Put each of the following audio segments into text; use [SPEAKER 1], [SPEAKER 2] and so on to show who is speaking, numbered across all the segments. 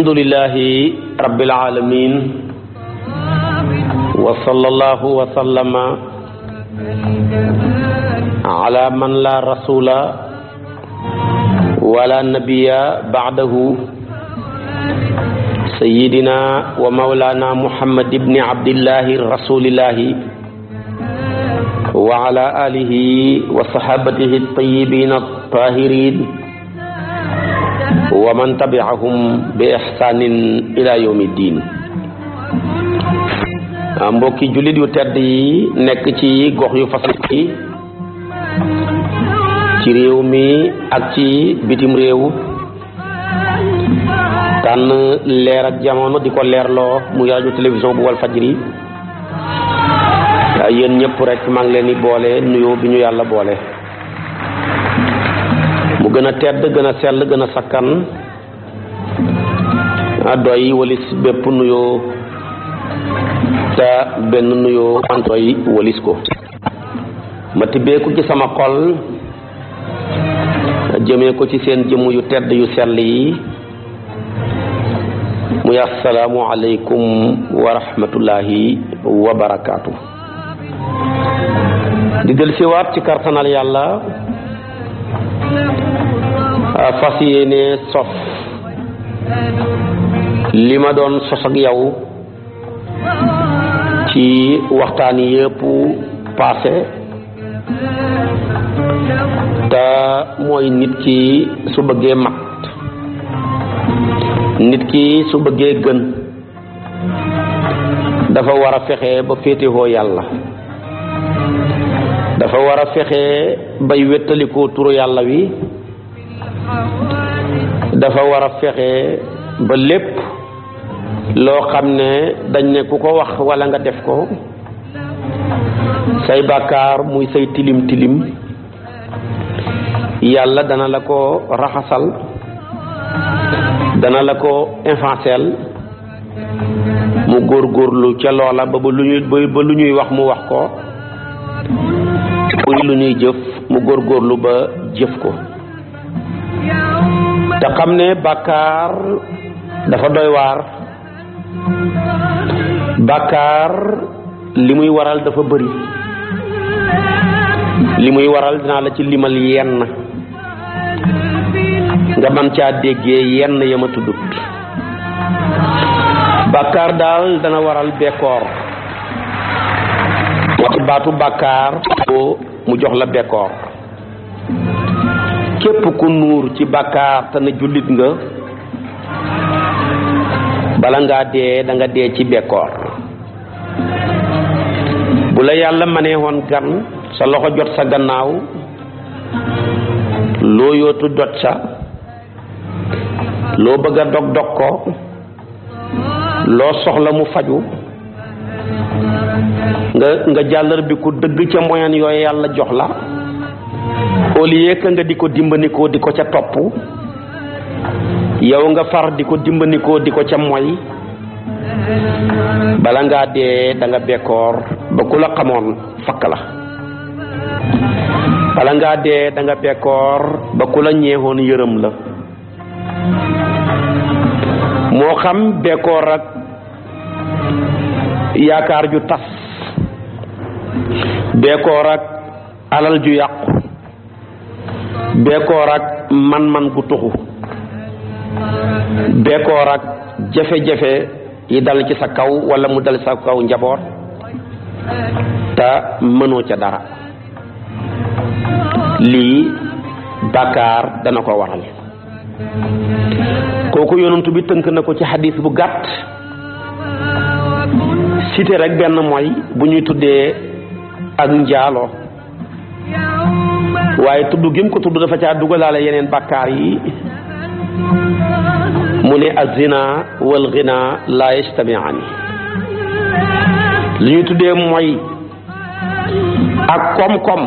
[SPEAKER 1] alhamdulillahi rabbil alamin wa sallallahu wa sallama ala man la rasula wala nabiya ba'dahu sayyidina wa mawlana muhammad ibni abdillahi rasulillahi wa ala alihi wa sahabatihi at-tayyibin at-tahirin wa man tabiahum bi ihsanin ila yawmi diin ah, mbokki jullit yu tedd yi nekk ci gox yu fasan yi ci réew mi ak ci bitim réew tànn leer ak jamono di ko leerloo mu rajo télévision bu wal fajri ah, yéen ñëpp rek maa ngi leen di boole nuyo bi ñu yàlla boole mu gën a tedd gën a sell gën a sakkan a doy walis bépp nuyoo te benn nuyoo man doy walis ko ma tibbeeku ci sama xol jëmee ko ci seen jëmm yu tedd yu sell yi muy assalaamu aleykum wa rahmatullahi di dellusiwaat ci kartanal yàlla Euh, fas yéene sof li ma doon sos ak yow ci waxtaan yépp passé te mooy nit ki su bëggee mat nit ki su bëggee gën dafa war a fexe ba féetewoo yàlla dafa war a fexe bay wéttalikoo turu yàlla wi dafa war a fexe ba lépp loo xam ne dañ ne ku ko wax walla nga def ko say bàkkaar muy say tilim tilim yàlla dana la ko raxasal dana la ko infancel mu góorgóorlu ca loola ba ba lu ñuy ba lu ñuy wax mu wax ko muy lu ñuy jëf mu góor góorgóorlu ba jëf ko te xam ne bàkkaar dafa doy waar bàkkaar li muy waral dafa bëri li muy waral dinaa la ci limal yenn nga man caa déggee yenn ya ma bàkkaar daal dana waral bekkoor moo ci baatu bàkkaar mu jox la bekkoor képp ku nuur ci bàkkaar te na jullit nga bala ngaa dee danga nga dee ci bekkoor bu la yàlla manee woon gan sa loxo jot sa gannaaw loo yootu jot sa loo bëgg a dog dog ko loo soxla mu faju nga nga jàllar bi ku dëgg ca moyen yooyu yàlla jox la au lieu que nga di ko dimbandikoo di ko ca topp yow nga far di ko dimbandikoo di ko ca moy bala ngaa dee da nga bekkoor ba ku la xamoon fakk la bala ngaa dee danga nga bekkoor ba ku la ñeexoon yërëm la moo xam bekkoor ak yaakaar ju tas bekkoor ak alal ju yàqu beekoor ak man-man gu tuxu beekoor ak jafe-jafe yi dal ci sa kaw wala mu dal sa kaw njaboot te mënoo ca dara lii bàkkaar dana ko waral kooku yonantu bi tënk na ko ci xadis bu gàtt cité rek benn mooy bu ñuy tuddee ak njaaloo waaye tudd gi ko tudd dafa caa dugalaale yeneen bakkaar yi mu ne azina wal ghina la yastami'ani li ñu tuddee mooy ak koom-koom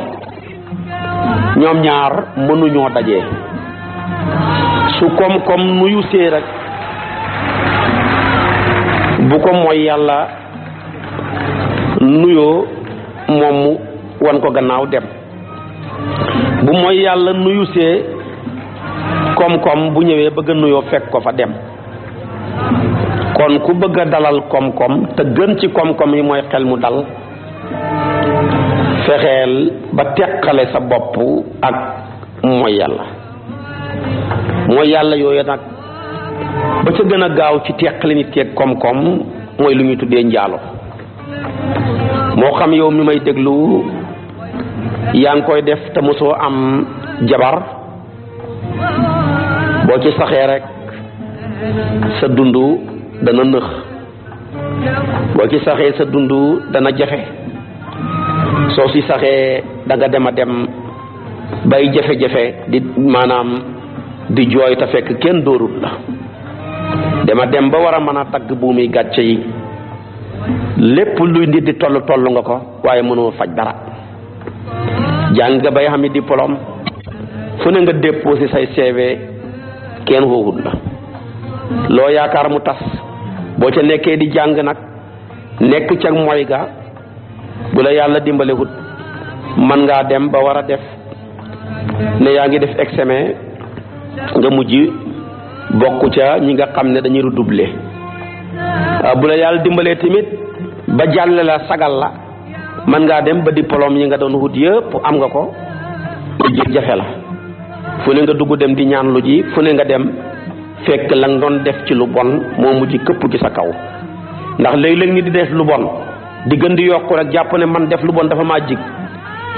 [SPEAKER 1] ñoom ñaar mënuñoo dajee su koom-koom nuyu see rek bu ko mooy yàlla nuyoo moom mu ko gannaaw dem bu mooy yàlla nuyu see koom-koom bu ñëwee bëgg a nuyoo fekk ko fa dem kon ku bëgg a dalal koom-koom te gën ci koom-koom yi mooy xel mu dal fexeel ba teqale sa bopp ak mooy yàlla mooy yàlla yooyu nag ba ca gën a gaaw ci teqale nit keeg koom-koom mooy lu ñuy tuddee njaalo moo xam yow mi may déglu yaa ngi koy def te mosoo am jabar boo ci saxee rek sa dund dana nëx boo ci saxee sa dund dana jafe soo ci saxee danga nga dem a dem bay jafe-jafe di maanaam di jooy te fekk kenn dóorut la dama dem ba war a mën a tagg buumi gàcce yi lépp luy nit di toll tollu nga ko waaye mënoo faj dara jàng nga bay xam i diplôme fu ne nga déposé say CV kenn xooxut la loo yaakaar mu tas boo ca nekkee di jàng nag nekk ca mooy ga bu la yàlla dimbalewut man ngaa dem ba war a def ne yaa ngi def examen nga mujj bokk ca ñi nga xam ne dañuy redoubler ah, bu la yàlla dimbalee tamit ba jàll la sagal la man ngaa dem ba diplôme yi nga doon wut yëpp am nga ko jëf jafe la fu ne nga dugg dem di ñaan lu ji fu ne nga dem fekk lan doon def ci lu bon moo mujj këpp ci sa kaw ndax léeg-léeg ni di def lu bon di gën di yokku rek jàpp ne man def lu bon dafa maa jig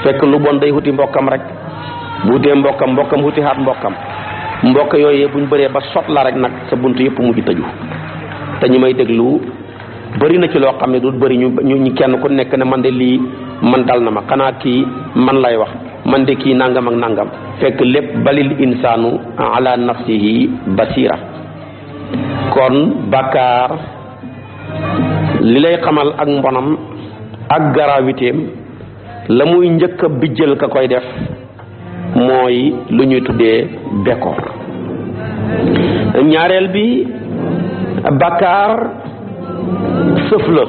[SPEAKER 1] fekk lu bon day wuti mbokkam rek bu wutee mbokkam mbokkam wuti xaat mbokkam mbokk yooyu buñ bëree ba sot la rek nag sa bunt yëpp mujj tëju te ñu may déglu bëri na ci loo xam ne du bëri ñu ñu kenn ku nekk na man de lii man dal na ma xanaa kii man lay wax man de kii nangam ak nangam fekk lépp balil insaanu ala yi basira kon bàkkaar li lay xamal ak mbonam ak garaawiteem la muy njëkk a bijjal ka koy def mooy lu ñuy tuddee bekkoor ñaareel bi bàkkaar sëf la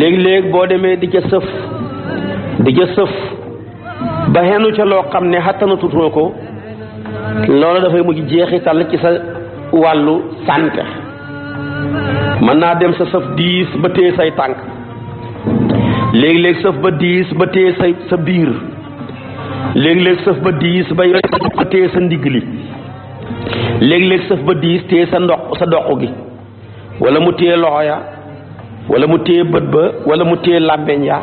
[SPEAKER 1] léeg-léeg boo demee di ca sëf di ca sëf ba xenu ca loo xam ne xattana tutoo ko loolu dafay mujj jeexital ci sa wàllu santé mën naa dem sa sëf diis ba téye say tànk léeg-léeg sëf ba diis ba téye say sa biir léeg-léeg sëf ba diis ba téye sa ndigg li léeg-léeg sëf ba diis téye sa ndox sa doq gi wala mu téye loxo ya wala mu téye bët ba wala mu téye làbbeñ ya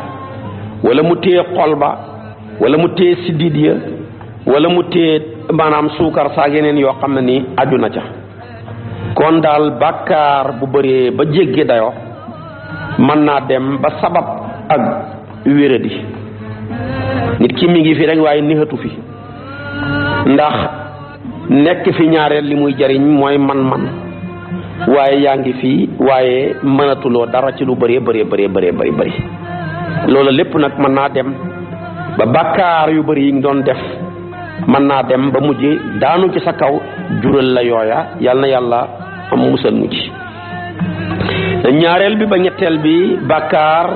[SPEAKER 1] wala mu téye xol ba wala mu téye siddiit ya wala mu téye maanaam suukar saa yeneen yoo xam ne ni aju ca kon daal bàkkaar bu bëree ba jéggi dayo mën naa dem ba sabab ak wéradi nit ki mi ngi fi rek waaye nixatu fi ndax nekk fi ñaareel li muy jariñ mooy man-man waaye yaa ngi fii waaye mënatuloo dara ci lu bëree bëree bëree bëree bëri bëri loolu lépp nag mën naa dem ba bàkkaar yu bëri yi ngi doon def mën naa dem ba mujj daanu ci sa kaw jural la yooya yal na yàlla am musal mu ci ñaareel bi ba ñetteel bi bàkkaar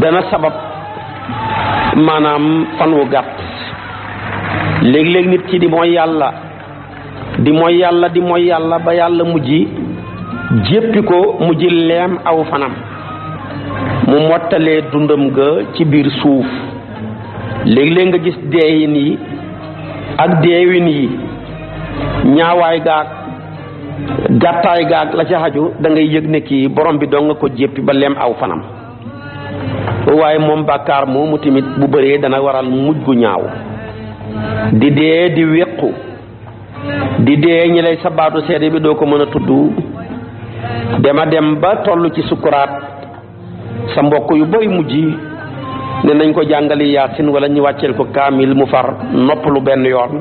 [SPEAKER 1] dana sabab maanaam fan wu gàtt nit ki di mooy yàlla di mooy yàlla di mooy yàlla ba yàlla mujj jéppi ko mujj leem aw fanam mu mottalee dundam ga ci biir suuf léeg-léeg nga gis deeyin yi ak deewin yi ñaawaay gaag gàttaay gaag la ca xaju da ngay yëg ne kii borom bi doo nga ko jéppi ba leem aw fanam waaye moom bàkkaar moomu tamit bu bëree dana waral mujj gu ñaaw di dee di di dee ñi lay sabaatu seede bi doo ko mën a tudd dema dem ba toll ci sukkuraat sa mbokk yu bari mujj ne nañ ko jàngale yaasin wala ñu wàcceel ko kaamil mu far lu benn yoon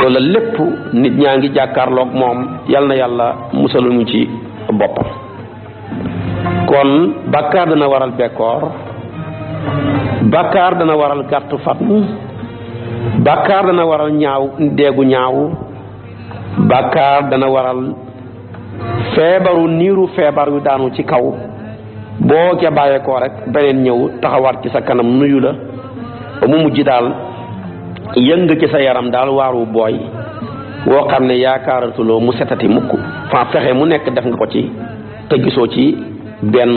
[SPEAKER 1] loola lépp nit ñaa ngi jàkkaarloog moom yal na yàlla musaluñu ci boppam kon bàkkaar dana waral bekkoor bàkkaar dana waral gàttu fan bàkkaar dana waral ñaaw deegu ñaaw bàkkaar dana waral feebaru niiru feebar yu daanu ci kaw boo ca bàyyeekoo rek beneen ñëw taxawaat ci sa kanam nuyu la ba mu mujj daal yëng ci sa yaram daal waaru booy woo xam ne yaakaaratuloo mu setati mukk fa fexe mu nekk def nga ko ci te gisoo ci benn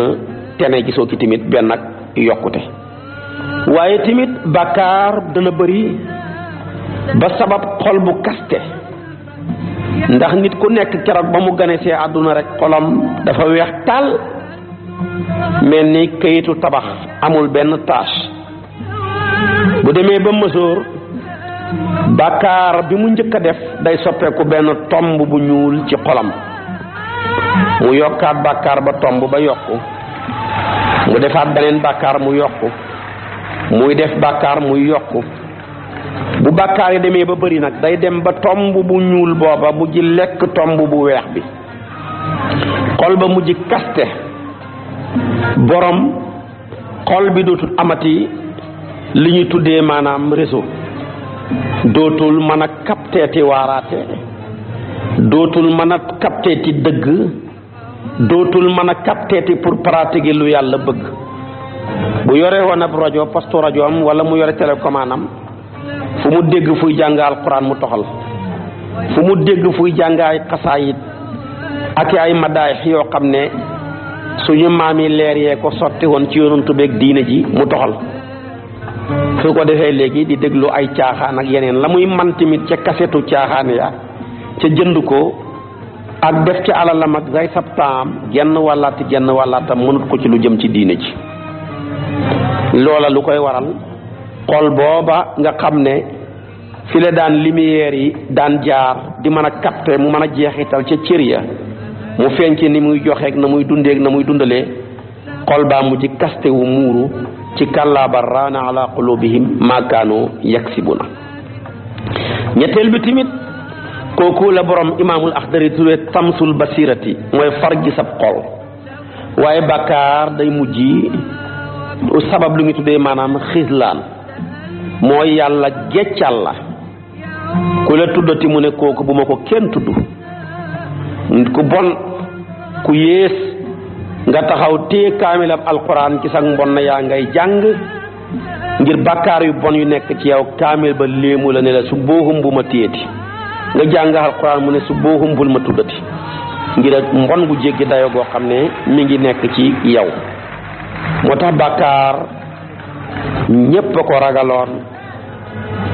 [SPEAKER 1] tene gisoo ci tamit benn ak yokkute waaye tamit bàkkaar dana bari ba sabab xol bu kaste ndax nit ku nekk keroog ba mu gane see àdduna rekk xolam dafa weex taal mel ni këyitu tabax amul benn tâche bu demee ba mësoor bàkkaar bi mu njëkk a def day soppeeku benn tomb bu ñuul ci xolam mu yokkaat bàkkaar ba tomb ba yokk mu defaat beneen bàkkaar mu yokk muy def bàkkaar muy yokku bu bàkkaar yi demee ba bari nag day dem ba tomb bu ñuul booba mujj lekk tomb bu weex bi xol ba mujj kaste boroom xol bi dootul amati li ñuy tuddee maanaam réseau dootul mën a kapteeti waaraate dootul mën a kapteeti dëgg dootul mën a kapteeti pour pratiquer lu yàlla bëgg bu yore woon ab rajo poste rajo am wala mu yore télécommande am fu mu dégg fuy jàng alxuraan mu toxal fu mu dégg fuy jàng ay xasaayit ak ay madaay yoo xam ne suñu maam yi leer yee ko sotti woon ci yonantu beeg diine ji mu toxal su ko defee léegi di déglu ay caaxaan ak yeneen la muy man ca kasetu caaxaan ya ca jënd ko ak def ca alalam ak rey sab taam genn wàllaati genn wàllaatam mënut ko ci lu jëm ci diine ji loola lu koy waral xol booba nga xam ne fi la daan lumière yi daan jaar di mën a capter mu mën a jeexital ca cër ya mu feeñ ni muy joxeeg na muy dundeeg na muy dundale xol baa mu ci wu muuru ci kàllaa ba raana ala qulubihim maakaanoo yaksibuna ñetteel bi tamit kooku la borom imaamul axdari tuddee tamsul basirati mooy far gi sab xol waaye bàkkaar day mujj sabab lu ngi tuddee maanaam xislaan mooy yàlla geccal la ku la tuddati mu ne kooku bu ma ko kenn tudd ku bon ku yées nga taxaw téye kaamilam alquran ci sag mbon yaa ngay jàng ngir bàkkaar yu bon yu nekk ci yow kaamil ba léemu la ne la su booxum bu ma téyeti nga jàng mu ne su mbon gu jéggi dayo goo xam ne mi ngi nekk ci yow moo tax bàkkaar ñépp a ko ragaloon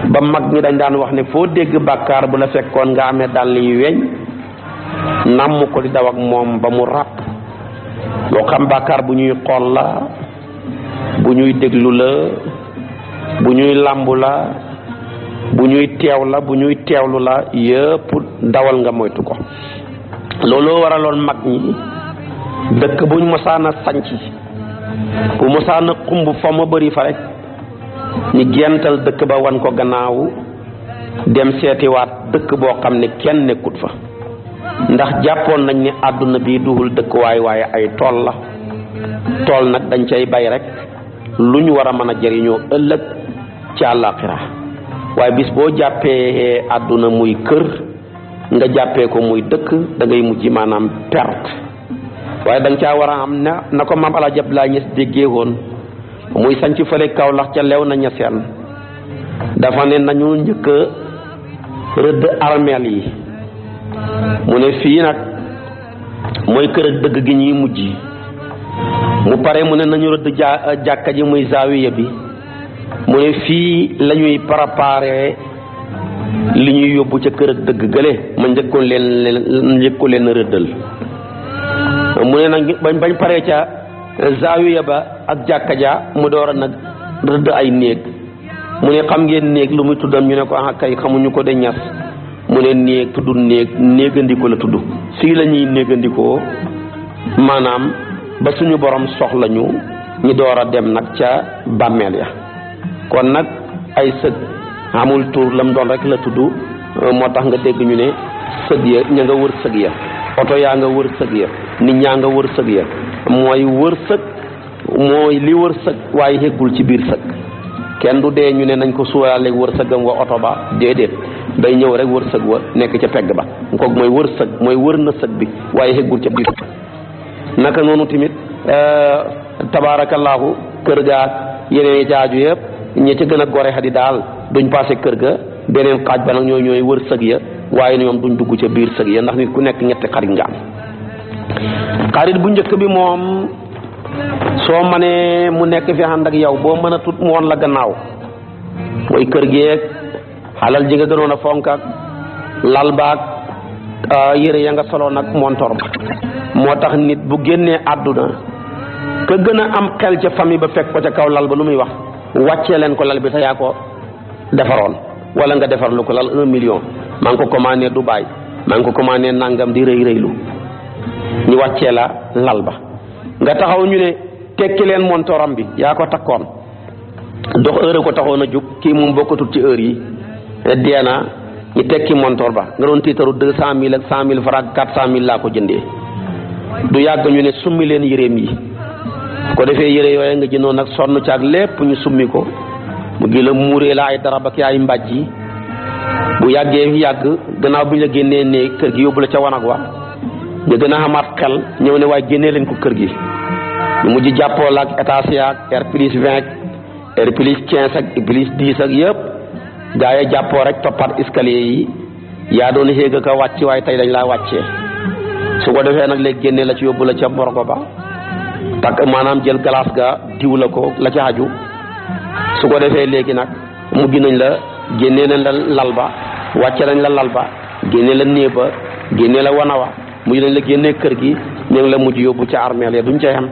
[SPEAKER 1] ba mag ñi dañ daan wax ne foo dégg bàkkaar bu la fekkoon nga amee dàll yi weñ nàmm ko di daw ak moom ba mu ràpp boo xam bàkkaar bu ñuy xool la bu ñuy déglu la bu ñuy làmbu la bu ñuy teew la bu ñuy teewlu la yëpp dawal nga moytu ko looloo waraloon mag ñi dëkk buñ mosaana sanc bu mosaana xumb fa ma bëri fa rek ñu gental dëkk ba wan ko gannaaw dem seetiwaat dëkk boo xam ne kenn nekkut fa ndax jàppoon nañ ni àdduna bii duhul dëkk waay waaye ay tool la tool nag dañ cay bay rek lu ñu war a mën a jëriñoo ëllëg ci àllaaxira waaye bis boo jàppee àdduna muy kër nga jàppee ko muy dëkk dangay ngay mujj maanaam perte waaye da nga caa am na na ko maam El Hadj Abdoulaye Niass woon muy sanc fële Kaolack ca leew na ñaseen dafa ne nañu njëkk rëdd armeel yi mu ne fii nag mooy kër dëgg gi ñuy mujj mu pare mu ne nañu rëdd ja euh, jàkka ji muy zaawiya bi mu ne fii lañuy préparer li ñuy yóbbu ca kër dëgg gële ma njëkkoon leen leen njëkkoon leen rëddal mu ne nag bañ bañ paree ca zaawiya ba ak jàkka ja mu door a nag rëdd ay néeg mu ne xam ngeen néeg lu muy tuddam ñu ne ko ah kay xamuñu ko de ñas mu ne néeg tudd néeg néegandiko la tudd fii la ñuy néegandikoo maanaam ba suñu borom soxla ñu ñu door a dem nag ca bàmmeel ya kon nag ay sët amul tur lam doon rek la tudd moo tax nga dégg ñu ne sëg ya ña nga wër sëg ya oto yaa nga wër sëg ya nit ñaa nga wërsëg ya mooy wërsëg mooy li wër wërsëg waaye xéggul ci biir sëg kenn du dee ñu ne nañ ko suuraaleeg wërsëgam wa oto ba déedéet day ñëw rek wërsëg wa nekk ca pegg ba kooku mooy wërsëg mooy wër na sëg bi waaye xéggul ca biir naka noonu tamit euh, tabaarakallaahu kër gaa yeneen yi ca aju yëpp ñi ca gën a gore xadi daal duñ passé kër ga beneen xaaj ba nag ñooy ñooy wër sëg ya waaye ñoom duñ dugg ca biir sëg ya ndax nit ku nekk ñetti xarit nga xarit bu njëkk bi moom soo mënee mu nekk fi ànd ak yow boo mën a tut mu woon la gannaaw mooy kër geeg alal ji nga gënoon a fonk ak lal baag ah, yére ya nga soloon ak montor ba moo tax nit bu génnee àdduna ka gën a am xel ca famille ba fekk ko ca kaw lal ba lu muy wax wàccee leen ko lal bi te yaa ko defaroon wala nga defar lu ko lal un million maa ngi ko commandé Dubaï maa ngi ko commandé nangam di rëy rëylu ñu wàccee la lal ba nga taxaw ñu ne tekki leen montoram bi yaa ko takkoon dox heure ko taxoon a jug kii moom bokkatul ci heure yi dee na ñu tekki montor ba nga doon tiitaru deux cent mille ak cent mille franc quatre cent mille laa ko jëndee du yàgg ñu ne summi leen yëreem yi ko defee yëre yooye nga jëndoon nag sonn caag lépp ñu summi ko mu gi la muuree la ay darab ak ay mbàjj yi bu yàggee yàgg gannaaw bi ñu la génnee ne kër gi yóbbu la ca wanag wa ñu gën a xamaat xel ñëw ne waaye génnee lañ ko kër gi mujj jàppoo la ak étage yaag air plus vingt air plus quinze ak plus dix yëpp gaa yi jàppoo rek toppaat escalier yi yaa doon xéeg ak wàcc waaye tey dañ laa wàccee su ko defee nag léegi génnee la ci yóbbu la ca morgo ba takk maanaam jël glace ga diw la ko la ca xaju su ko defee léegi nag mujj nañ la génnee nañ la lal ba wàcce lañ la lal ba génne la néeg ba génnee la wanawa mujj nañ la génne kër gi ñu la mujj yóbbu ca armeel ya duñ ca yam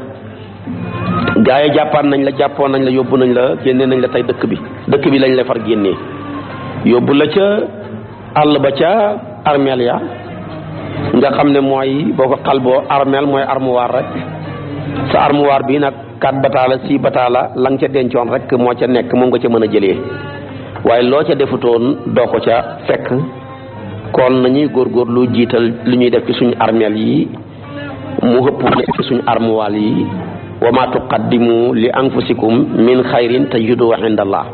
[SPEAKER 1] gaa yi jàppaan nañ la jàppoon nañ la yóbbu nañ la génnee nañ la tey dëkk bi dëkk bi lañ la far génnee yóbbu la ca àll ba ca armeel ya nga xam ne mooy boo ko xalboo armeel mooy armoire rek sa armoire bi nag quatre bataala six bataala lan ca dencoon rek moo ca nekk moom nga ca mën a jëlee waaye loo ca defutoon doo ko ca fekk kon nañuy góor góor lu jiital li ñuy def ci suñu armeel yi mu hëpp nekk ci suñu armuwaal yi wa ma tuqaddimu li anfusikum min xayrin tajidu indallah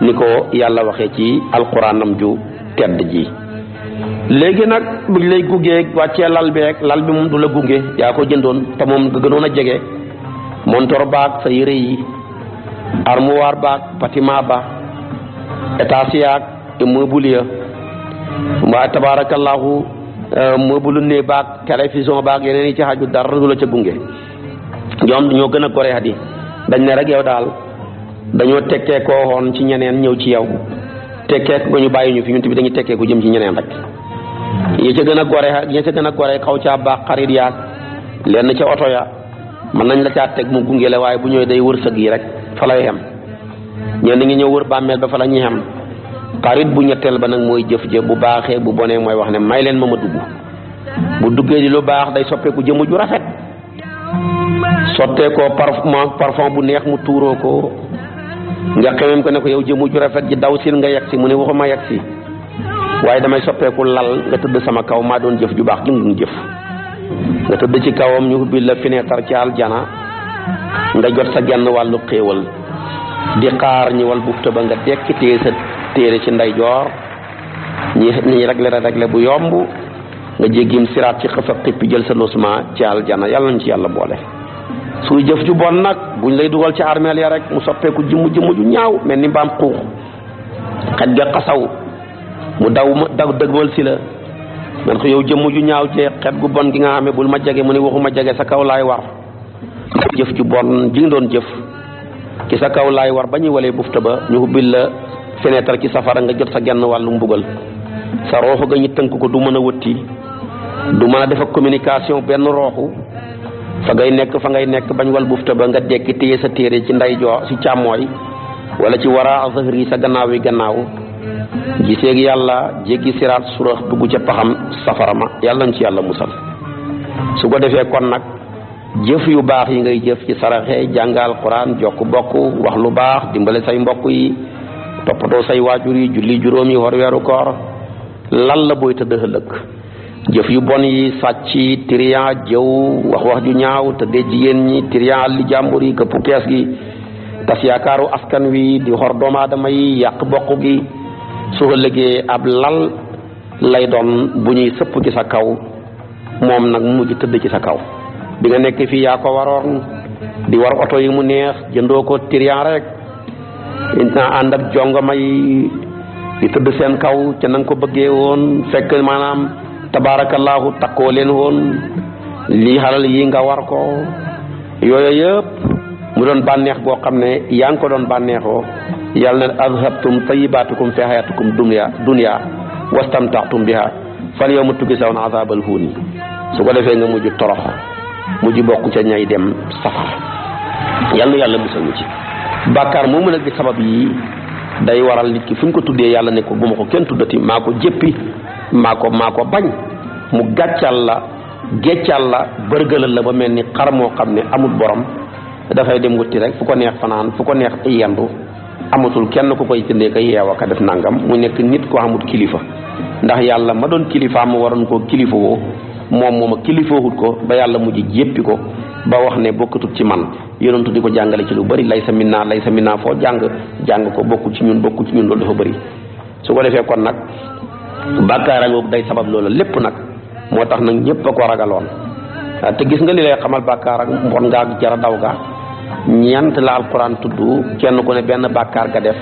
[SPEAKER 1] ni ko yàlla waxee ci alquranam ju tedd ji léegi nag bu lay gungee wàccee lal bi rek lal bi moom du la gunge yaa ko jëndoon te moom nga gënoon a jege montor baag sa yére yi armoire baag bâtiment ba étage yaag ya waa tabaarakallaahu eh, mobulu ne baag télévision baag yeneen yi ci xaju dara du la ca gunge ñoom ñoo gën a gore at dañ ne rek yow daal dañoo tekkee koo woon ci ñeneen ñëw ci yow tekkee ko ñu bàyyi ñu fi ñun tamit dañuy tekkee ku jëm ci ñeneen rek yi ca gën a gore ñi ca gën a gore xaw caa baax xarit yaag lenn ca oto ya mën nañ la caa teg mu gunge la waaye bu ñëwee day wër sëg yi rek fa lay xem ñenn ngi ñëw wër bàmmeel ba fa la xem xarit bu ñetteel ba nag mooy jëf jë bu baaxee bu bonee mooy wax ne may leen ma ma dugg bu duggee di lu baax day soppeeku jëmm ju rafet sottee ko parfum bu neex mu tuuroo ko nga xemem ko ne ko yow jëmm ju rafet ji daw sin nga yegg mu ne waxuma yegg si waaye damay soppeeku lal nga tëdd sama kaw maa doon jëf ju baax gi mu jëf nga tëdd ci kawam ñu ubbi la fenêtre ci jana nga jot sa genn wàllu xéewal di xaar ñëwal bufta ba nga dekk téye sa téere ci ndeyjoor ñi ñi regle la regle bu yomb nga jéggim siraat ci xëf ak xippi jël sa losement ci aljana yàlla nañ ci yàlla boole suy jëf ju bon nag buñ lay dugal ci armeel ya rek mu soppeeku jëmm jëmm ju ñaaw mel ni mbaam xuux xaj mu daw ma daw dëgbal si la man yow jëmm ju ñaaw ci xet gu bon gi nga xamee bul ma jege mu ne waxuma jege sa kaw laay war jëf ju bon ji nga doon jëf ci sa kaw laay war ba ñuy walee bufta ba ñu ubbil la feneetar ci safara nga jot sa genn wàllu mbugal sa rooxu ga ñu tënk ko du mën a wëtti du mën a defa communication benn rooxu fa ngay nekk fa ngay nekk bañ wal bufta ba nga dekki téye sa téere ci nday joo ci càmmooy wala ci wara zahri sa gannaaw yi gannaaw giseeg yàlla jéggi siraat surax dugg ca paxam safara ma yàlla nañ ci yàlla musal su ko defee kon nag jëf yu baax yi ngay jëf ci saraxe jàngal quran jokk bokk wax lu baax dimbale say mbokk yi toppatoo say waajur yi julli juróom yi war weeru koor lan la booy tëdd ëllëg jëf yu bon yi sàcc yi tiriyan jëw wax wax ju ñaaw tëddee jigéen ñi tiriyan àlli jàmbur yi këpp kees gi tas yaakaaru askan wi di xor doomu aadama yi yàq bokk gi su ëllëgee ab lal lay doon bu ñuy sëpp ci sa kaw moom nag mujj tëdd ci sa kaw bi nga nekk fii yaa ko waroon di war oto yi mu neex jëndoo ko tiriyan rek dinaa ànd ak jongama yi yi tëdd seen kaw te na nga ko bëggee woon fekk maanaam tabaarakallaahu takkoo leen woon lii xalal yi nga war ko yooyu yëpp mu doon bànneex boo xam ne yaa ngi ko doon bànneexoo yàlla na azhabtum tayibaatikum fi hayatikum dunya dunya wastamtaxtum biha fal yow ma tukki saw na azabal huuni su ko defee nga mujj torox mujj bokk ca ñay dem safara yàlla yàlla musal ñu ci bàkkaar moomu nag di sabab yi day waral nit ki fu ñu ko tuddee yàlla ne ko bu ma ko kenn tuddati maa ko jéppi maa ko maa ko bañ mu gàccal la geccal la bërgëlal la ba mel ni xar moo xam ne amul borom dafay dem wuti rek fu ko neex fanaan fu ko neex yendu amatul kenn ku koy jëndee ka yeewa ka def nangam mu nekk nit ko amut kilifa ndax yàlla ma doon kilifa ma waroon koo kilifa moom moom mooma kilifa wut ko ba yàlla mujj jéppi ko ba wax ne bokkatut ci man yonentu di ko jàngale ci lu bari lay sa minnaa lay sa minnaa foo jàng jàng ko bokku ci ñun bokku ci ñun loolu dafa bari su ko defee kon nag bàkkaaram boobu day sabab loolu lépp nag moo tax nag ñëpp a ko ragaloon ah, te gis nga li lay xamal bàkkaar ak mbon nga ak jara daw ga ñeent la alquran tudd kenn ku ne benn bakkaar ga def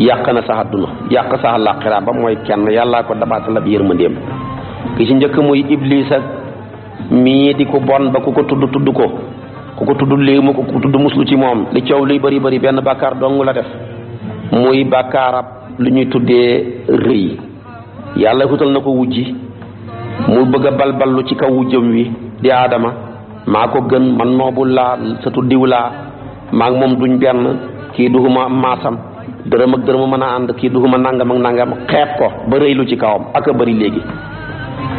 [SPEAKER 1] yàq na sa àdduna yàq sa àllaaxira ba mooy kenn yàllaa ko dabaatal ab yërmandeem ki ci njëkk muy iblis ak mii di ko bon ba ku ko tudd tudd ko ku ko tudd léemu ko ku tudd muslu ci moom li coow luy bëri bari benn bàkkaar dong la def muy bàkkaarab lu ñuy tuddee rëy yàlla xutal na ko wujji mu bëgg a balballu ci kaw wujjam wi di aadama maa ko gën man noobul laa sa tuddiw laa maa moom duñ benn kii duxuma maasam dërëm ak dërëm mën a ànd kii duxuma nangam ak nangam xeeb ko ba rëy ci kawam ak bari léegi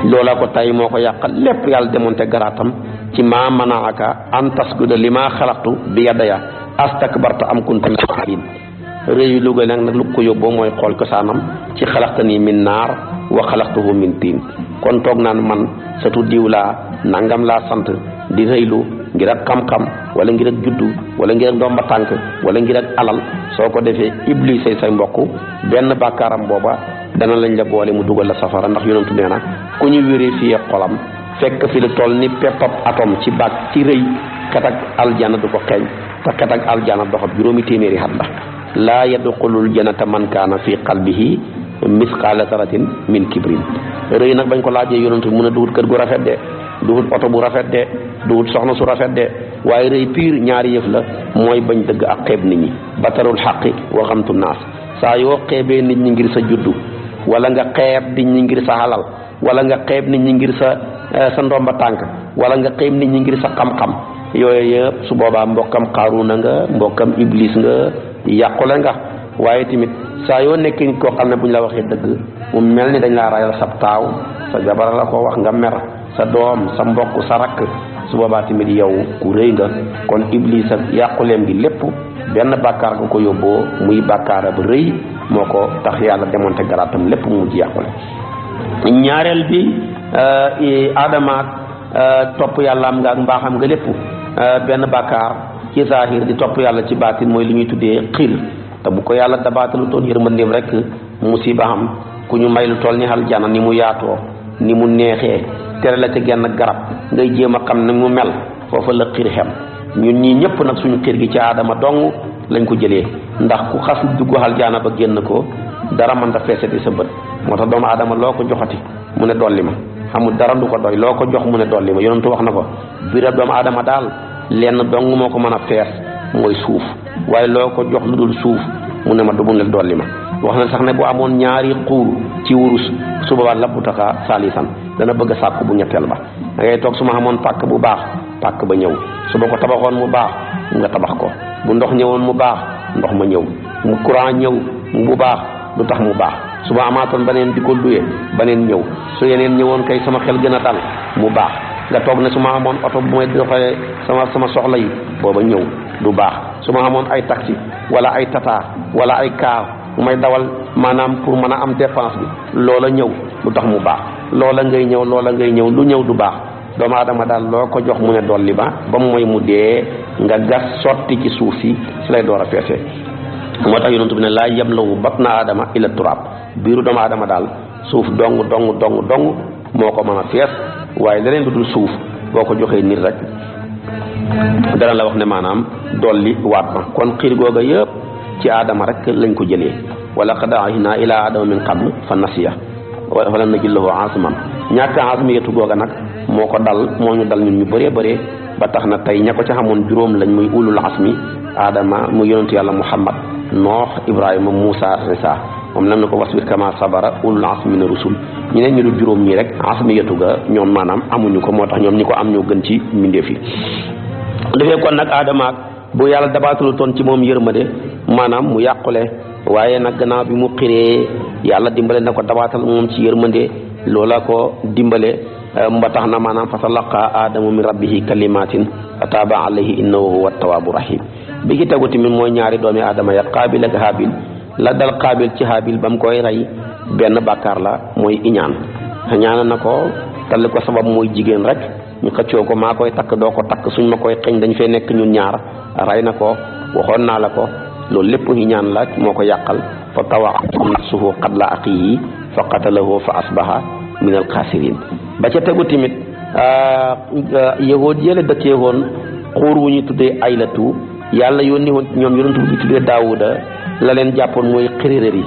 [SPEAKER 1] loola ko tay moo ko yàqal lépp yàlla demoon te garaatam ci maa manaaka an tasjuda li maa xalaqtu bi yadaya astakbarta am kunta min aliin réew yi Louga nag nag lu ko yóbboo mooy xool cosaanam ci xalaqta nii min naar wa xalaqtuhu min tiin kon toog naan man satu diw laa nangam laa sant di rëylu ngir ak xam-xam wala ngir ak juddu wala ngir ak ndomba tànk wala ngir ak alal soo ko defee iblis say mbokk benn bàkkaaram booba dana lañ la boole mu dugal la safara ndax yonentu nee na ku ñu vérifié xolam fekk fi lu toll ni peppab atom ci baag ci rëy kat ak aljana du ko xeeñ te kat ak aljana doxab juróomi téeméeri xat la laa yadxulul janata man kaana fi qalbihi misqaala saratin min kibrin rëy nag bañ ko laajee yonent bi mun a dugut kër gu rafet de dugut oto bu rafet de dugut soxna su rafet de waaye rëy piir ñaari yëf la mooy bañ dëgg ak xeeb nit ñi batarul xaqi wa xamtu naas saa yoo xeebee nit ñi ngir sa juddu wala nga xeeb di ñi ngir sa halal wala nga xeeb nit ñi ngir sa eh, ndomba tànk wala nga xeeb nit ñu ngir sa xam-xam yooyu yëpp su boobaa mbokkam xaaruna nga mbokkam iblis nga yàqule nga waaye tamit saa yoo nekk koo xam ne bu la waxee dëgg mu mel ni dañ laa rayal sa taaw a jabar la ko wax nga mer sa doom sa mbokk sa rakk su boobaa tamit yow ku rëy nga kon iblis ak yàquleem gi lépp benn bàkkaar nga ko yóbboo muy bàkkaara ba rëy moo ko tax yàlla demoon te garaatam lépp mu mujj yàqule ñaareel bi aadama euh, ak euh, topp am nga ak mbaaxam nga lépp euh, benn bàkkaar ci zahir di topp yàlla ci baatin mooy li ñuy tuddee xiir te bu ko yàlla dabaatalu toon yërmandeem rek musiba am ku ñu may lu tool ni aljana ni mu yaatoo ni mu neexee tere la ca genn garab ngay jéem a xam ni mu mel foofa la xiir xem ñun ñii ñëpp nag suñu xiir gi ci aadama dong lañ ko jëlee ndax ku xas dugg aljana ba génn ko dara mën a di sa bët moo tax doomu aadama loo ko joxati mu ne dolli ma xamul dara du ko doy loo ko jox mu ne dolli ma yonentu wax na ko biirab doomu aadama daal lenn dong moo ko mën a fees mooy suuf waaye loo ko jox lu dul suuf mu ne ma du mu ne dolli ma wax na sax ne bu amoon ñaari xuur ci wurus su boobaa labbutaka saalisan dana bëgg a sàkku bu ñetteel ba da ngay toog su ma amoon pàkk bu baax pàkk ba ñëw su ma ko tabaxoon mu baax nga tabax ko bu ndox ñëwoon mu baax ndox ma ñëw mu courant ñëw bu baax lu tax mu baax su ma amaatoon baneen di ko luye baneen ñëw su yeneen ñëwoon kay sama xel gën a dal mu baax nga toog ne su ma amoon oto bu may doxee sama sama soxla yi booba ñëw du baax su ma amoon ay taxi wala ay tataa wala ay kaar bu may dawal maanaam pour mën a am dépense bi loola ñëw lu tax mu baax loola ngay ñëw loola ngay ñëw lu ñëw du baax doomu aadama daal loo ko jox mu ne dolli ba ba mooy mu dee nga gas sotti ci suuf si si lay door a feesee moo tax yonent bi ne wu yamlawu batna aadama ila turaab biiru doomu adama daal suuf dong dong dong dong moo ko mën a fees waaye leneen lu dul suuf boo ko joxee nit rek dana la wax ne maanaam dolli waat ma kon xiir googa yëpp ci aadama rek lañ ko jëlee wala qad ahidnaa ilaa aadama min qabl fa nasiya wala najid lahu aasiman ñàkk yetu googa nag moo ko dal moo ñu dal ñun ñu bëree bëree ba tax na tey ña ko ca xamoon juróom lañ muy ulul asmi aadama mu yonentu yàlla muhammad noox ibrahima moussa isa moom nam ne ko wasbir kama sabara ulul azmi mina rusul ñeneen ñu du juróom ñi rek asmiyatu ga ñoom maanaam amuñu ko moo tax ñoom ñi ko am ñoo gën ci mbindeef yi defee kon nag aadama bu yàlla dabaatulu toon ci moom yërmande maanaam mu yàqule waaye nag gannaaw bi mu xiree yàlla dimbale na ko dabaatal moom ci yërmande loola ko dimbale mba euh, tax na maanaam fa talaqa aadamu min rabbihi kalimatin fa taaba alayhi innahu huwa tawaabu rahim bi ci tegu tamit mooy ñaari doomi aadama ya xaabil ak xaabil la dal xaabil ci xaabil ba mu koy rey benn bàkkaar la mooy iñaan ñaana na ko tal ko sabab mooy jigéen rek ñu xëccoo ko maa koy takk doo ko takk suñ ma koy xeñ dañ fay nekk ñun ñaar rey na ko waxoon naa la ko loolu lépp iñaan la moo ko yàqal fa tawaqat nafsuhu qatla axiihi fa qatalahu fa asbaha min alxaasirin ba ca tegu tamit ah, yahood yële dëkkee woon xuur wu ñu tuddee aylatu yàlla yónni woon ñoom yonent bu tuddee Daawuda la leen jàppoon mooy xiriréer yi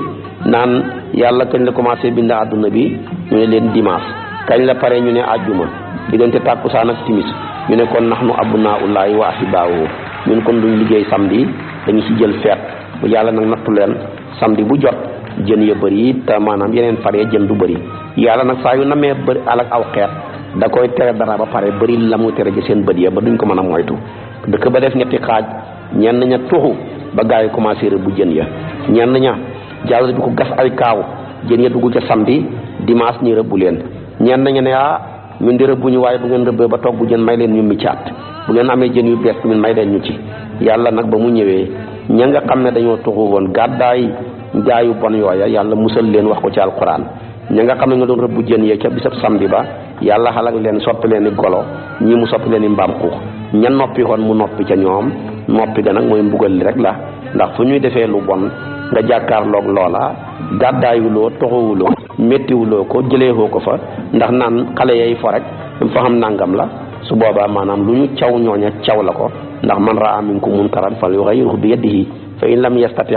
[SPEAKER 1] naan yàlla kañ la commencé bind àdduna bi ñu ne leen dimanche kañ la pare ñu ne àjjuma diggante tàkkusaan ak timis ñu ne kon naxnu abnaa ullaahi wa ahibbaahu ñun kon duñ liggéey samedi dañu ci jël feet bu yàlla nag nattu leen samedi bu jot jën ya bëri te maanaam yeneen far jën du bëri yàlla nag saa yu namee ba alak aw xeet da koy tere dara ba pare bari la mu tere ci seen bët ya ba duñ ko mën a moytu ñenn ña tuxu ba gaa yi commencé rëbb bu jën ya ñenn ña jaal bi ko gas ay kaaw jën ya dugg ca samedi dimaas ñi rëbbu leen ñeen ña ne ah ñun di rëbbu ñu waaye bu ngeen rëbbee ba toog bu jën may leen ñu miccaat bu leen amee jën yu bees tamit may leen ñu ci yàlla nag ba mu ñëwee ña nga xam ne dañoo tuxu woon gàddaay jaayu bon yooya yàlla musal leen wax ko ci alquran ña nga xam ne ñoo doon rëbbu jën yee ca bisab samedi ba yàlla xalak leen soppi leen i golo ñii mu soppi leen i mbaam xuux ña noppi kon mu noppi ca ñoom noppi ga nag mooy bugga li rek la ndax fu ñuy defee lu bon nga jàkkaarloog loola gàddaayuloo toxowuloo méttiwuloo ko jëlee jëleewoo ko fa ndax naan xale yay fo rek fa xam nangam la su boobaa maanaam lu ñu caw ñooña caw la ko ndax man raa minkum munkaran falyughayyirhu bi yadihi fa in lam yastati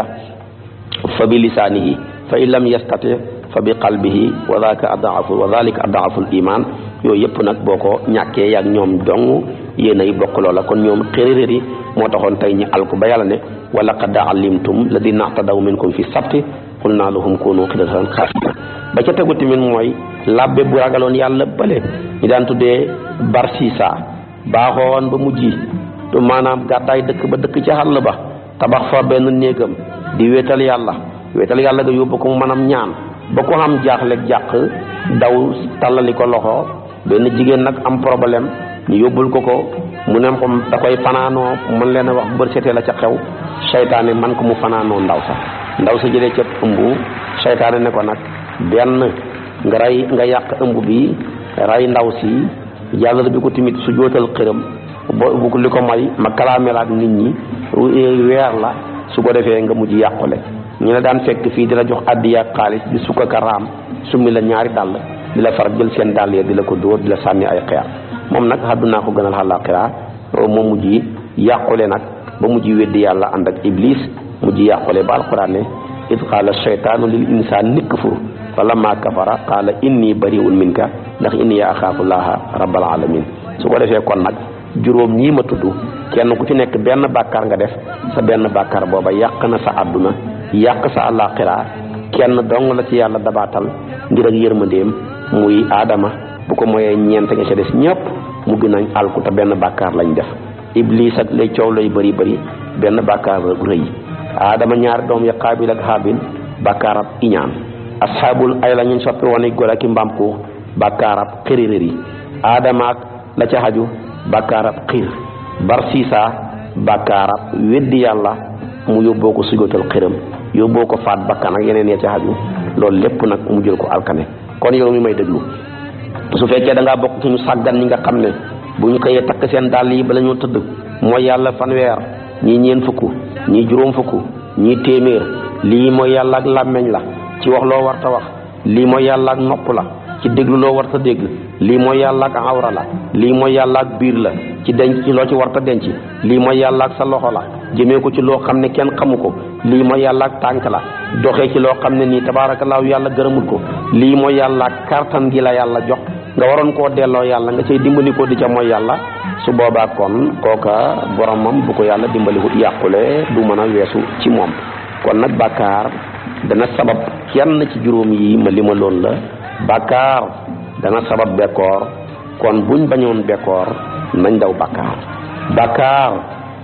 [SPEAKER 1] fa bi lisaanihi fa in lam yastati fa bi qalbihi wa daaka adaafu wa dalika adaafu l iman yooyu yëpp nag boo ko ñàkkee yaag ñoom dong yéen ay bokk loola kon ñoom xëréréer yi moo taxoon tey ñu alku ba yàlla ne wa laqad alimtum ladina htadaw minkum fi sabti qul naa lahum kunu qidatan xaasina ba ca tegu tamit mooy labbe bu ragaloon yàlla bële ñu daan tuddee barsiisa baaxoon ba mujj du maanaam gàddaay dëkk ba dëkk ci xàll ba tabax fa benn néegam di wéetal yàlla wéetal yàlla ga yóbbu ko mu maanaam ñaan ba ko am jaaxle jàq daw tàllali ko loxo benn jigéen nag am problème ñu yóbbul ko ko mu ne ko da koy fanaanoo mën leen a wax bërsete la ca xew seytaane man ko mu fanaanoo ndaw sa ndaw sa jëlee ca ëmb seytaane ne ko nag benn nga rey nga yàq ëmb bi rey ndaw si yàlla bi ko timit su jootal xëram bu li ko may ma kalaameel nit ñi weer la su ko defee nga mujj yàqule ñu la daan fekk fii dina jox àddiya ak xaalis di sukk ak raam summi la ñaari dàll di la far jël seen dàll ya di la ko dóor di la sànni ay xeer moom nag àddunaa ko gënal àllaaxira moom mujj yàqule nag ba mujj weddi yàlla ànd ak iblis mujj yàqule ba alquran ne id qaala cheytaanu lil insaan nikfur fa lamma kafara qaala inni bariun minka ndax inni yaa axaafu rabbal alamin su ko defee kon nag juróom ñii ma tudd kenn ku ci nekk benn bàkkaar nga def sa benn bàkkaar booba yàq na sa àdduna yàq sa àllaaxira kenn dong la ci yàlla dabaatal ngir ak yërmandeem muy aadama bu ko moyee ñeent nga ca des ñëpp mu bi nañ alku benn bàkkaar lañ def iblis ak lay coow lay bëri bëri benn bàkkaar la rëy aadama ñaari doom ya xaabil ak xaabil bàkkaar ab iñaan asxaabul ay lañuy ñun soppi woon gor ak i mbaam ko bàkkaar ab yi aadama ak la ca xaju bàkkaar ab xiir barsiisa bàkkaar ab weddi yàlla mu yóbboo ko sujootal xiram yóbboo ko faat bakkan ak yeneen ya ci xaju loolu lépp nag mu jël ko alkane kon yow mi may déglu su fekkee da ngaa bokk ci ñu sàggan ñi nga xam ne bu ñu xëyee takk seen dàll yi bala ñoo tëdd mooy yàlla fanweer ñii ñeen fukk ñii juróom fukk ñii téeméer lii mooy yàlla ak làmmeñ la ci wax loo warta wax lii mooy yàlla ak nopp la ci déglu loo war sa dégg lii mooy yàlla ak awra la lii mooy yàlla ak biir la ci denc ci loo ci war ta denc lii mooy yàlla ak sa loxo la jëmee ko ci loo xam ne kenn xamu ko lii mooy yàlla ak tànk la doxee ci loo xam ne nii tabaarakallaahu yàlla gërëmul ko lii mooy yàlla ak kartan gi la yàlla jox nga waroon koo delloo yàlla nga cay dimbali ko di ca mooy yàlla su boobaa kon kooka boromam bu ko yàlla dimbali ko yàqule du mën a weesu ci moom kon nag bàkkaar dana sabab kenn ci juróom yi ma la bàkkaar dana sabab bekkoor kon buñ bañoon bekkoor nañ daw bàkkaar bàkkaar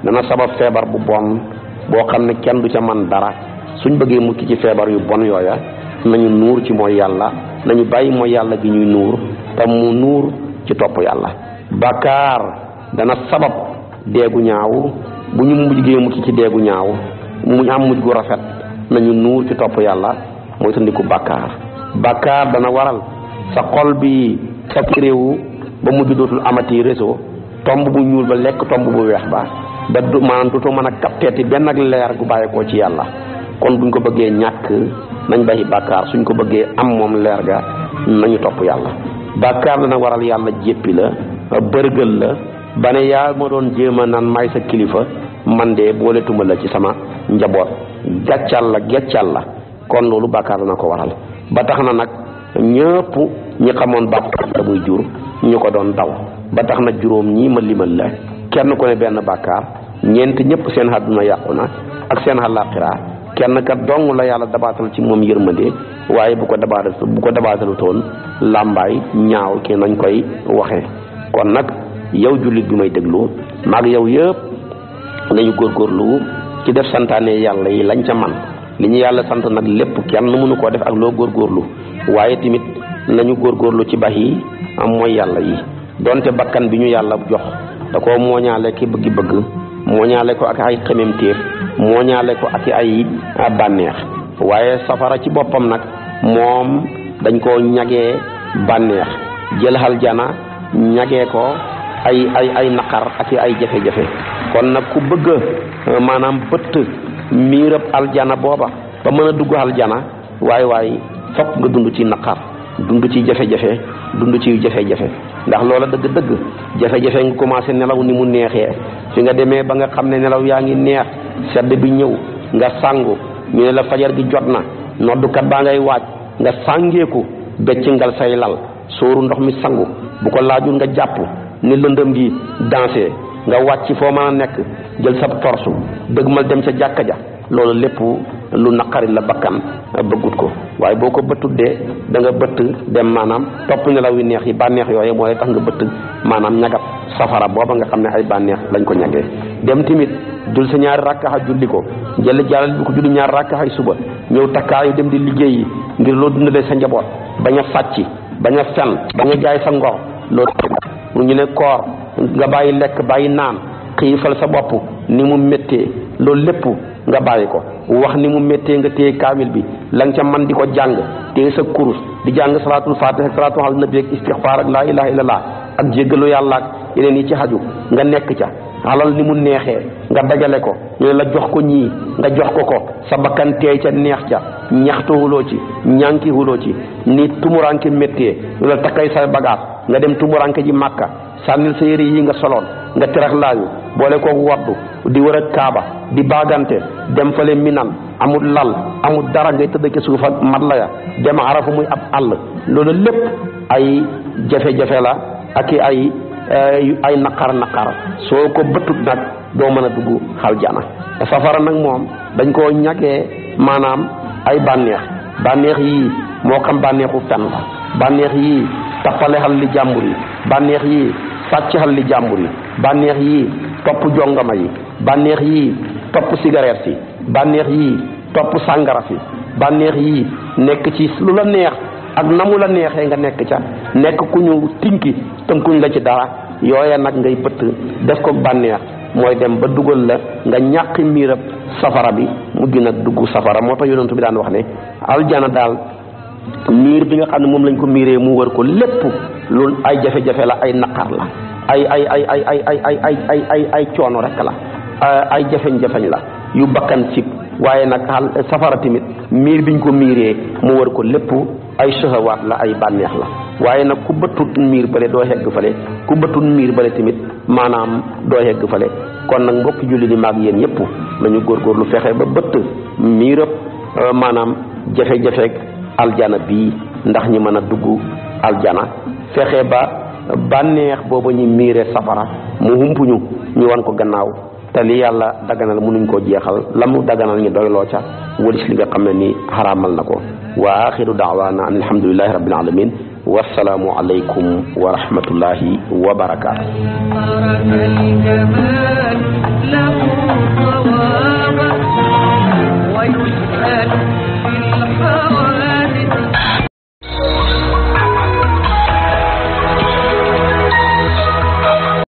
[SPEAKER 1] dana sabab feebar bu bon boo xam ne kenn du ca man dara suñ bëggee mucc ci feebar yu bon yooya nañu nuur ci mooy yàlla nañu bàyyi mooy yàlla gi ñuy nuur te mu nuur ci topp yàlla bàkkaar dana sabab deegu ñaaw bu ñu mujjee mucc ci deegu ñaaw mu am mujj gu rafet nañu nuur ci topp yàlla mooy tandiku bàkkaar bàkkaar dana waral sa xol bi saturé wu ba mujj dootul amati réseau tomb bu ñuul ba lekk tomb bu weex ba da du maanaam dootoo mën a capteeti benn ak leer gu bàyyeekoo ci yàlla kon buñ ko bëggee ñàkk nañ bàyyi bàkkaar suñ ko bëggee am moom leer ga nañu topp yàlla bàkkaar dana waral yàlla jéppi la bërgël la ba ne yaa ma doon jéem a naan maay sa kilifa man de booletuma la ci sama njaboot gàccal la gàccal la kon loolu bàkkaar dana ko waral ba tax na nag ñëpp ñi xamoon bàkkaar la muy jur ñu ko doon daw ba tax na juróom ñii ma limal la kenn ku ne benn bàkkaar ñeent ñëpp seen àdduna yàqu na ak seen àllaaxira kenn ka dong na yàlla dabaatal ci moom yërmande waaye bu ko dabaatal bu ko dabaatalu toon làmbaay ñaaw ki nañ koy waxee kon nag yow jullit bi may déglu maag yow yëpp nañu góor góorgóorlu ci def santaane yàlla yi lañ ca man li ñu yàlla sant nag lépp kenn mënu koo def ak loo góorgóorlu waaye tamit nañu góor góorgóorlu ci bax yi am mooy yàlla yi donte bakkan bi ñu yàlla jox da ko mooñaale ki bëggi bëgg mooñaale ko ak ay xememtéef mooñaale ko ak ay bànneex waaye safara ci boppam nag moom dañ koo ñagee bànneex jël aljana ñagee ko ay ay ay naqar ak ay jafe-jafe kon nag ku bëgg maanaam bëtt miirab aljana booba ba mën a dugg aljana waaye waaye fokk nga dund ci naqar dund ci jafe-jafe dund ci jafe-jafe ndax loola dëgg-dëgg jafe-jafe nga commencé nelaw ni mu neexee fi nga demee ba nga xam ne nelaw yaa ngi neex sedd bi ñëw nga sangu ñu ne la fajar gi jot na noddukat baa ngay waaj nga sàngeeku beccingal say lal sóoru ndox mi sangu bu ko laajul nga jàpp ni lëndëm gi dansé nga wàcc foo mën a nekk jël sab torsu dëgmal dem ca jàkka ja loolu lépp lu naqari la bakkan bëggut ko waaye boo ko bëttut dee da nga bëtt dem maanaam topp nelaw yi neex yi bànneex yooyu mooy tax nga bëtt maanaam ñagat safara booba nga xam ne ay bànneex lañ ko ñagee dem timit jul sa ñaari rakkaxa julli ko jël jàllal bi ko julli ñaari rakkaxay suba ñëw takkaayu dem di liggéey yi ngir loo dundalee sa njaboot bañ a sàcc bañ a fen bañ a jaay sa ngor nga bàyyi lekk bàyyi naan xiifal sa bopp ni mu méttee loolu lépp nga bàyyi ko wax ni mu méttee nga téye kaamil bi la nga ca man di ko jàng téye sa kurus di jàng salaatul fatih ak salaatu ala nabi ak istixfaar ak ak jéggalu yàlla yeneen yi ci nga nekk ca alal ni mu neexee nga dajale ko ñu la jox ko ñii nga jox ko ko sa bakkan ca neex ca ñaxtuwuloo ci ñànkiwuloo ci ni tumuranki méttee ñu la takkay sa bagaas nga dem tumuranke ji màkka sànnil sa yére yi nga soloon nga terax laayu boole kooku waddu di wër kaaba di baagante dem fale minan amul lal amul dara ngay tëdd ci suuf ak mat la ya dem arafa muy ab àll loolu lépp ay jafe la ak i ay ay naqar naqar soo ko bëttut nag doo mën a dugg xaljana safara nag moom dañ koo ñàkkee maanaam ay bànneex bànneex yii moo xam bànneexu fen la bànneex yii tappale xal li jàmbur yi bànneex yi sàcc li jàmbur yi bànneex yi topp jongama yi bànneex yi topp cigarette yi bànneex yi topp sàngara si bànneex yi nekk ci lu la neex ak na mu la neexee nga nekk ca nekk ku ñu tinki tënkuñ la ci dara yooye nag ngay bëtt def ko bànneex mooy dem ba dugal la nga ñàqi miirab safara bi mu gën a dugg safara moo tax yonentu bi daan wax ne aljana daal miir bi nga xam ne moom lañ ko miiree mu wër ko lépp loolu ay jafe-jafe la ay naqar la ay ay ay ay ay ay ay ay ay ay ay coono rek la ay jafe jafeñ la yu bakkan ci waaye nag xal safara tamit miir biñ ko miiree mu wër ko lépp ay sëhawaat la ay bànneex la waaye nag ku bëttut miir bële doo hegg fale ku bëttut miir bële tamit maanaam doo hegg fale kon nag mbokki julli di maag yéen yëpp nañu góorgóorlu fexe ba bëtt miirëb maanaam jafe-jafe aljana bi ndax ñi mën a dugg aljana fexe ba bànneex booba ñu miire safara mu humpuñu ñu wan ko gannaaw te li yàlla daganal mënuñ koo jeexal la mu daganal ñu doyloo ca wëlis li nga xam ne ni xaraamal na ko wa axiru daawaana an alhamdulilahi rabbil alamin wasalaamu aleykum wa rahmatullahi wa barakaatu